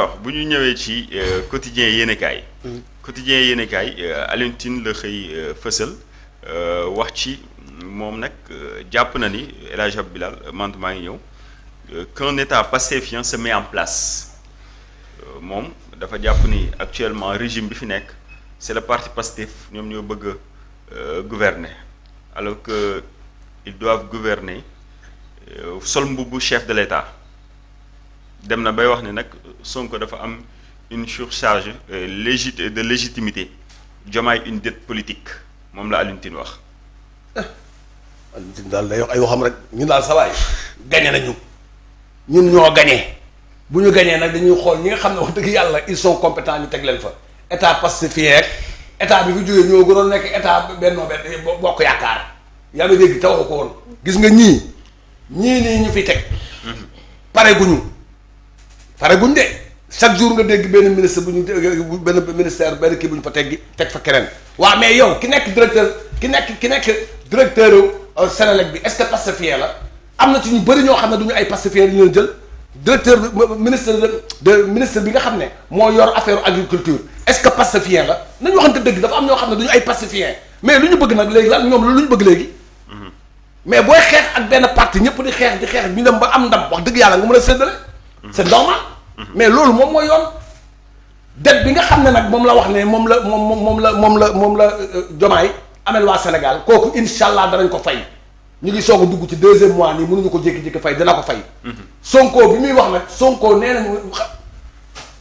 alors bu ñu ñëwee ci euh, quotidien yéenekaay mm. quotidien yéenekaay euh, Alioune Tine la xëy euh, fësal wax ci moom nag jàpp na ni El Hadj Bilal man maa ngi ñëw qu'un état passéfien se met en place moom dafa jàpp ni actuellement régime bi fi nekk c'est le parti Pastef ñoom ñoo bëgg a gouverner alors que ils doivent gouverner sol mbubbu chef de l'État dem na bay wax ne nag Sonko dafa am une surcharge euh, légit de légitimité Diomaye une dette politique moom la Alioune Tine wax. Ah, Alioune daal day wax ay waxam rek ñu daal sa waay gañe nañu ñun ñoo gañe bu ñu gañee nag dañuy xool ñi nga xam ne wax dëgg yàlla ils sont compétents ñu teg leen fa état pacifié rek état bi fi jógee ñoo gënoon nekk état bennoo benn bokk yaakaar yaa ngi dégg taw ko woon gis nga ñii ñii nii ñu fi teg mhm. pare guñu pareguñ de chaque jour nga dégg benn ministre bu ñu benn ministère benn kii bu ñu fa teggi teg fa keneen waaw mais yow ki nekk directeur ki nekk ki nekk directeur euh, Senelec bi est-ce que pastefien la am na ci ñu bëri ñoo xam ne du ñu ay pastefien ñu leen jël directeur ministre de ministre bi nga xam ne moo yor affaire agriculture est-ce que pastefien la nañu waxante dëgg dafa am ñoo xam ne du ñu ay pastefien mais lu ñu bëgg nag léegi lan ñoom lu ñu bëgg léegi mm-hmm. mais booy xeex ak benn parti ñëpp di xeex di xeex ñu dem ba am ndam wax dëgg yàlla nga mën a séddale c'est normal mais loolu moom mooy yoon dette bi nga xam ne nag moom la wax ne moom la moom moom la moom la moom la jomaay euh, amel waa Sénégal kooku incha allah danañ ko fay ñu ngi soog a dugg ci deuxième mois nii mënuñu ko jékki-jékki fay dana ko fay. Mhm. Sonko bi muy wax nag Sonko nee na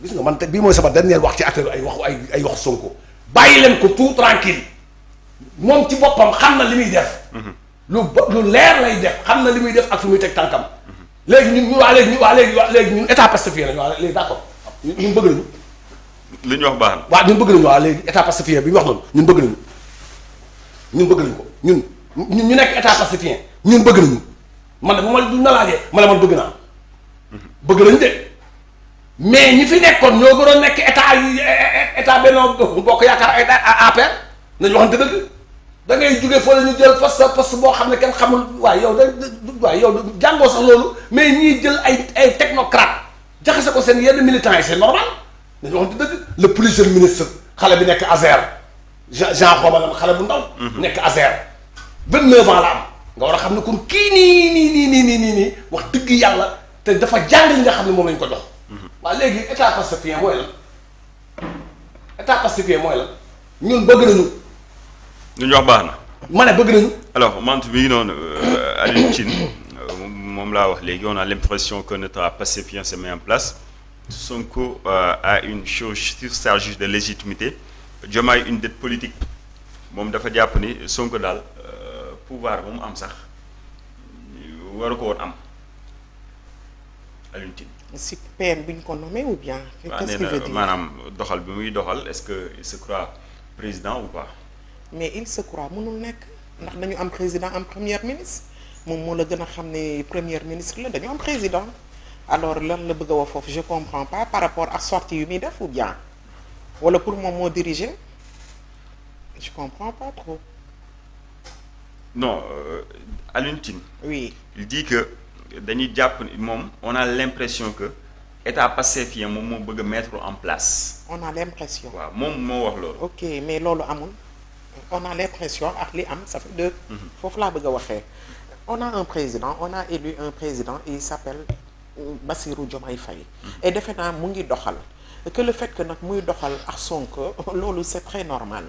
gis nga man te bii mooy sama dernière wax ci affaire ay waxu ay ay wax Sonko bàyyi leen ko tout tranquille moom ci boppam xam na li muy def. Mhm. lu lu leer lay def xam na li muy def ak fi muy teg tànkam. léegi ñun ñu waa léegi ñu waa léegi léegi ñun état pacifié lañu waa léegi d'accord ñun bëgg nañu. li ñu wax baax na. ñun bëgg nañu waa léegi état pacifié bi ñu wax noonu ñun bëgg nañu ñun bëgg nañu ko ñun ñu nekk état pacifié ñun bëgg nañu man de bu ma la laajee ma la man bëgg naa bëgg fi nekkoon ñoo gënoon nekk état yi état benn bokk yaakaar APR nañu waxante dëgg. da ngay jóge fële ñu jël fas sa fas boo xam ne kenn xamul waaye yow da waaye yow jàngoo sax loolu mais ñiy jël ay ay technocrate jaxase ko seen yenn militants yi c'est normal dañu waxante dëgg le plus ministre xale bi nekk Azer Jean Jean Xobalam xale bu ndaw. Mhm. nekk Azer vingt-neuf ans la am nga war a xam ne kon kii nii nii nii nii wax dëgg la te dafa jàng li nga xam ne moom lañ ko jox. Mhm. waaw léegi état pacifien mooy lan état pacifien mooy lan ñun bëgg nañu. lu ñu wax baax na. ma ne bëgg nañu. alors man mi ngi noonu euh, Alioune Tine euh, moom laa wax léegi on a l'impression que notre Pastefien se met en place Sonko euh, a une surcharge de légitimité Diomaye une dette politique moom dafa jàpp ni Sonko daal pouvoir ba mu am sax waru ko woon am Alioune Tine. si PM bi ñu ko ou bien. qu'est-ce maanaam doxal bi muy doxal est-ce que il se croit président ou pas. mais il se croit mënul nekk ndax dañu am président am premier ministre moom moo la gën a xam ne premier ministre la dañu am président alors lan la bëgg a wax foofu je comprends pas par rapport ak sortie yu muy def ou bien wala pour moom moo diriger je comprends pas trop. non euh, Alioune Tine. oui il dit que dañuy jàpp moom on a l'impression que état passéfien moom moo bëgg a mettre en place. on a l'impression. waaw moom moo wax loolu. ok mais loolu amul. on a l'impression ak li am sa fait deux foofu laa bëgg waxee on a un président on a élu un président il s'appelle Bassirou Diomaye Faye et defe naa mu ngi doxal que le fait que nag muy doxal ak Sonko loolu c'est très normal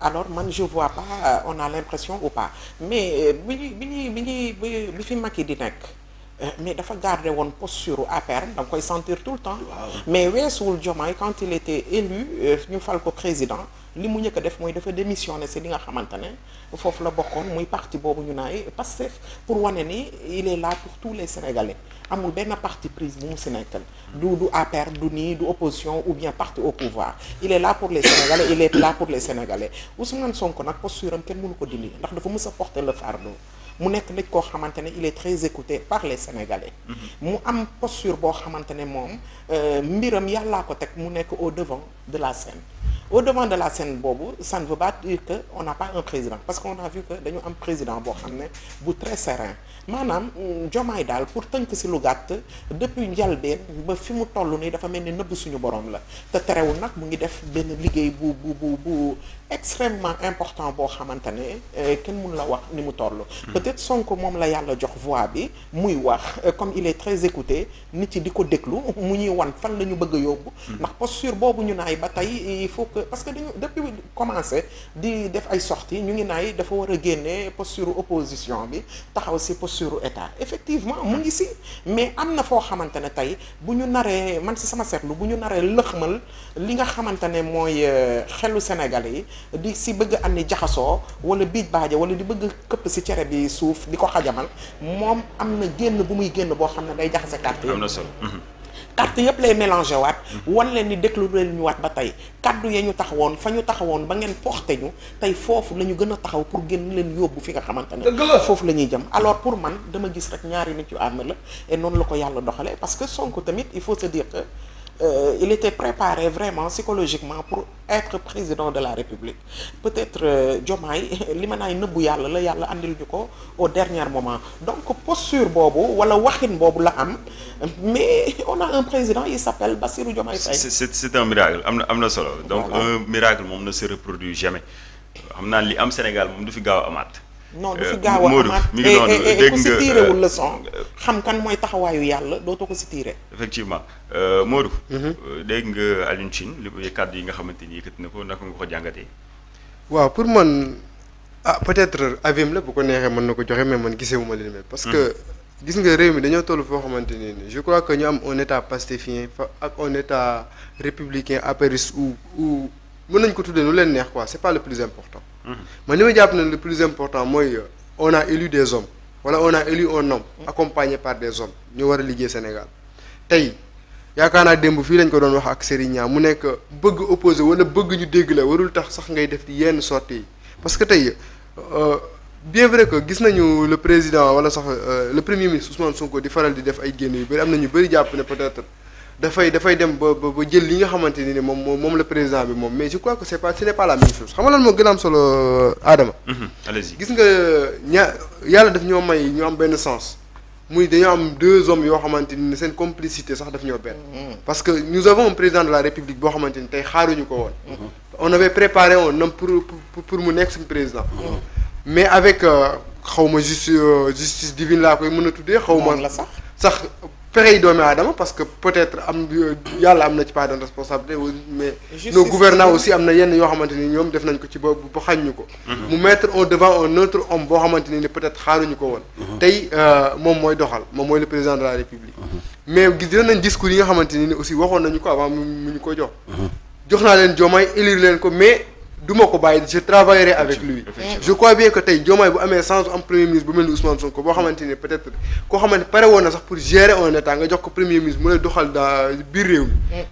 alors man je vois pas on a l'impression ou pas mais euh, bi ñuy bi ñuy bi ñuy bi fi Macky di nekk euh, mais dafa garder woon posture APR da nga koy sentir tout le temps mais weesuwul Diomaye quand il était élu euh, ñu fal ko président li mu njëkk def mooy dafa démission démissionné si li nga xamante ne foofu la bokkoon muy parti boobu ñu naay Pastef pour wane ni il est là pour tous les Sénégalais amul benn parti prise bu mu si nekkal du du APR du nii du opposition ou bien parti au pouvoir il est là pour les Sénégalais il est là pour les Sénégalais Ousmane Sonko nag posture am kenn mënu ko dindi ndax dafa mës a porter le fardeau mu nekk nit koo xamante ne il est très écouté par les Sénégalais. Mhm. mu am posture boo xamante ne moom euh, mbiram yàllaa ko teg mu nekk au devant de la scène. au devant de la scène boobu ça ne dire que on n'a pas un président parce qu'on a vu que dañu am président boo xam ne bu très serein maanaam jomaay mm, daal pour tënk si lu gàtt depuis njalbeen ba fi mu toll nii dafa mel ni nëbb suñu borom la te terewul nag mu ngi def benn liggéey bu bu bu bu extrêmement important boo xamante ne eh, kenn mun la wax ni mu toll hmm. peut-être Sonko moom la yàlla jox voix bi muy wax eh, comme il est très écouté nit yi di ko déglu mu ñuy ñu bëgg a Euh, parce que dañu depuis commencé di def ay sorties ñu ngi naay dafa war a génne posture opposition bi taxaw si posture état effectivement mu ngi si mais am na foo xamante ne tey bu ñu naree man si sama seetlu bu ñu naree lëxmal li nga xamante ne mooy euh, xelu sénégal yi di si bëgg am ni jaxasoo wala biij baajo wala di bëgg këpp si cere bi suuf di ko xajamal moom am na génn bu muy génn boo xam ne day jaxase carte yi am carte yëpp lay mélangé waat wan leen ni déglu leen ñu waat ba tey kaddu ya ñu taxawoon fa ñu taxawoon ba ngeen porté ñu tey foofu la ñu gën a taxaw pour génn leen yóbbu fi nga xamante ne foofu la ñuy jëm alors pour man dama gis rek ñaari nit yu ànd la et noonu la ko yàlla doxale parce que Sonko tamit il faut se dire que euh, il était préparé vraiment psychologiquement pour être président de la République peut-être euh, Diomaye li ma naay nëbbu yàlla la yàlla andil ñu ko au dernier moment donc posture boobu wala waxin boobu la am mais on a un président il s'appelle Bassirou Diomaye Faye c'est un miracle am na am na solo donc voilà. un miracle moom ne se reproduit jamais xam naa li am Sénégal moom du fi gaaw amaat non du euh, fi gaaw a amaat mi ngi eh, noonu eh, eh, dégg nga ku si tiirewul euh, leçon xam kan mooy taxawaayu yàlla dootoo ko si tiire effectivement euh, Modou mhm. dégg nga Alioune Tine li kàddu yi nga xamante ni yëkkati na ko naka nga ko jàngatee waaw pour man ah peut-être avim la bu ko neexee mën na ko joxe mais man gisewuma ma mel parce que mhm. gis nga réew mi dañoo toll foo xamante ne ni je crois que ñu am un état pastéfien ak un état républicain apériste ou ou mën nañ ko tuddee nu leen neex quoi c'est pas le Mhm. man li ma jàpp ne le plus important mooy euh, on a élu des hommes wala on a élu un homme mhm. accompagné par des hommes ñu war a liggéey Sénégal tey yaakaar naa démb fii lañ ko doon wax ak Serigne mu nekk bëgg opposé wala bëgg ñu dégg la warul tax sax ngay def yenn sorties yi parce que tey euh, bien vrai que gis nañu le président wala sax euh, le premier ministre Ousmane Sonko di faral di def ay génn yu bëri am na ñu bëri jàpp ne peut dafay dafay dem ba ba jël li nga xamante ni moom moom la président bi moom mais je crois que c'est pas ce n'est a am solo mhm, gis nga ña yàlla daf ñoo may ñu benn sens. muy dañoo am deux hommes yoo xamante ni seen complicité sax daf ñoo benn. Mhm. parce que nous avons président de la république boo xamante ni tey xaaruñu ko woon. Mhm. on avait préparé un homme pour pour pour mu nekk suñu président. mais avec euh, xaw ma euh, justice divine laa koy mën a tuddee. xaw ma sax. fexey doomi aadama parce que peut-être am yàlla am na ci part de responsabilité mais nos gouvernants aussi am na yenn yoo xamante ni ñoom def nañ ko ci ba ba xañ ñu ko mhm. mu mettre en devant un autre homme boo xamante ni peut-être xaaruñu ko woon mhm. tey euh, moom mooy doxal moom mooy le président de la république mhm. mais gis nañ discours yi nga xamante ni aussi waxoon nañu ko avant mu ñu ko jox jox naa leen Diomaye élire leen ko mais du ma ko bàyyi je travaillerai avec lui je crois bien que tey Diomaye bu amee sens am premier ministre bu mel ni Ousmane Sonko boo xamante ne peut koo xamante pare woon na sax pour gérer un état nga jox eh.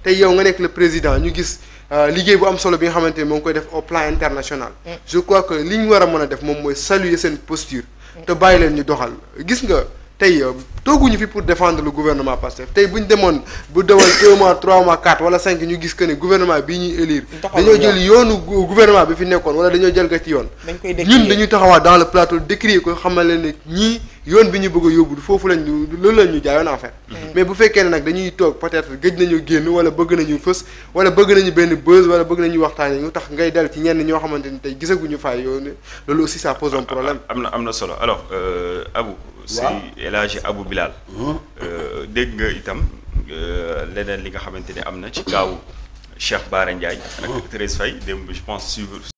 nga nekk le président ñu gis euh, liggéey bu am solo bi xamante ne moo koy def au plan international eh. je crois que li ñu war a mën a def moom mooy saluer seen posture eh. te bàyyi leen doxal gis nga tey euh, tooguñu fi pour défendre le gouvernement Pastef tey bu ñu demoon bu demoon deux mois trois mois quatre wala cinq ñu gis que ne gouvernement bi ñuy élire dañoo jël yoonu gouvernement bi fi nekkoon wala dañoo jël yoon ñun dañuy taxawaat dans le plateau décrier ko xamal leen ne ñii yoon bi ñu bëgg a yóbbu foofu lañ loolu lañ ñu jaayoon en fait mm-hmm. mais bu fekkee ne nag dañuy toog peut-être gëj nañu génn wala bëgg nañu fës wala bëgg nañu benn buzz wala bëgg nañu waxtaane ñu tax ngay dal ci ñenn ñoo xamante ni tey gisaguñu fay yoon loolu aussi ça pose un problème ah, ah, am na am na solo alors euh, Abou si El Hadji Abou Bilal euh, dégg nga itam euh, leneen li nga xamante ne am na ci kaaw Cheikh Bara Ndiaye ak Thérèse Faye démb je pense suivre